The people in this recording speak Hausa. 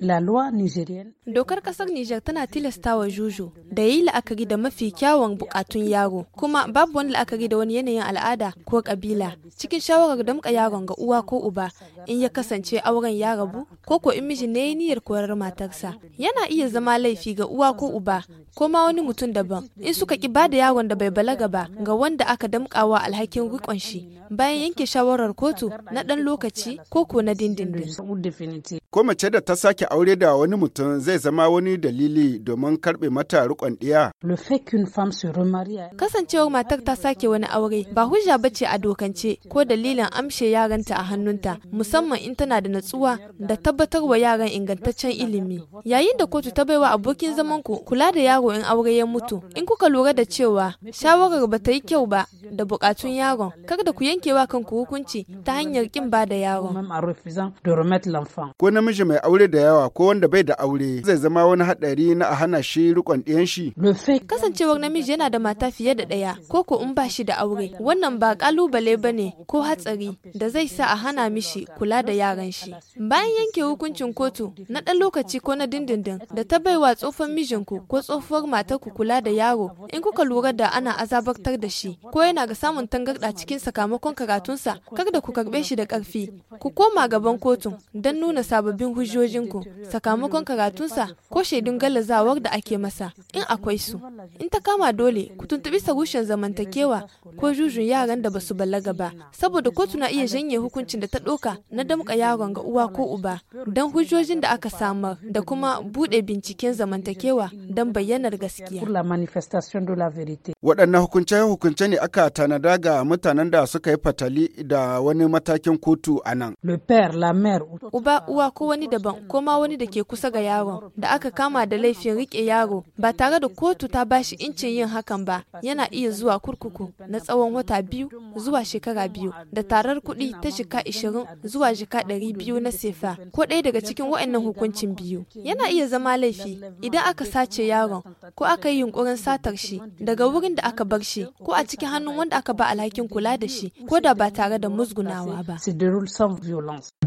Dokar kasar niger tana tilasta wa juju da yi la'akari da mafi kyawun bukatun yaro, kuma babu wani la'akari da wani yanayin al'ada ko kabila cikin shawarar damka yaron ga uwa ko uba in ya kasance auren ya rabu ko ko in miji ne niyyar korar matarsa. Yana iya zama laifi ga uwa ko uba ko ma wani mutum daban in suka ki bada yaron da bai balaga ba ga wanda aka damkawa alhakin rikon shi bayan yanke shawarar kotu na dan lokaci ko ko na dindindin. Ko mace da ta sake aure da wani mutum zai zama wani dalili domin karɓe mata rikon ɗiya. Kasancewar matar ta sake wani aure ba hujja ba ce a dokance ko dalilin amshe yaranta a hannunta musamman in tana da natsuwa da tabbatar wa yaran ingantaccen ilimi. Yayin da kotu ta baiwa abokin zaman ku kula da yaro in aure ya mutu in kuka lura da cewa shawarar ba ta yi kyau ba da bukatun yaron kar da ku wa kanku hukunci ta hanyar kin ba da yaron. Ko namiji mai aure da yawa sha'awa ko wanda bai da aure zai zama wani haɗari na a hana shi rikon ɗiyan shi. Kasancewar namiji yana da mata fiye da ɗaya ko ko in ba shi da aure wannan ba kalubale ba ne ko hatsari da zai sa a hana mishi kula da yaran shi. Bayan yanke hukuncin kotu na ɗan lokaci ko na dindindin da ta baiwa tsofan mijinku ko tsofuwar ku kula da yaro in kuka lura da ana azabartar da shi ko yana ga samun tangarɗa cikin sakamakon karatunsa kar da ku karɓe shi da ƙarfi ku koma gaban kotun don nuna sababbin hujjojinku sakamakon karatunsa ko shaidun gallazawar da ake masa in akwai su in ta kama dole ku tuntuɓi sahushen zamantakewa ko jujun yaran da basu balaga ba saboda kotu na iya janye hukuncin da ta ɗauka na damka yaron ga uwa ko uba don hujjojin da aka samar da kuma bude binciken zamantakewa don bayyanar gaskiya. Waɗannan hukunce-hukunce ne aka tanada ga mutanen da suka yi fatali da wani matakin kotu a nan. Uba uwa ko wani daban ko ma wani da ke kusa ga yaron da aka kama da laifin rike yaro ba tare da kotu ta bashi incin yin hakan ba yana iya zuwa kurkuku na tsawon wata biyu zuwa shekara biyu da tarar kuɗi ta shika ishirin zuwa shika ɗari biyu na sefa ko ɗaya daga cikin waɗannan hukuncin biyu. Yana iya zama laifi idan aka sace yaron ko aka yi yunkurin satar shi daga wurin da aka bar shi ko a cikin hannun wanda aka ba alhakin kula da shi ko da ba tare da musgunawa ba.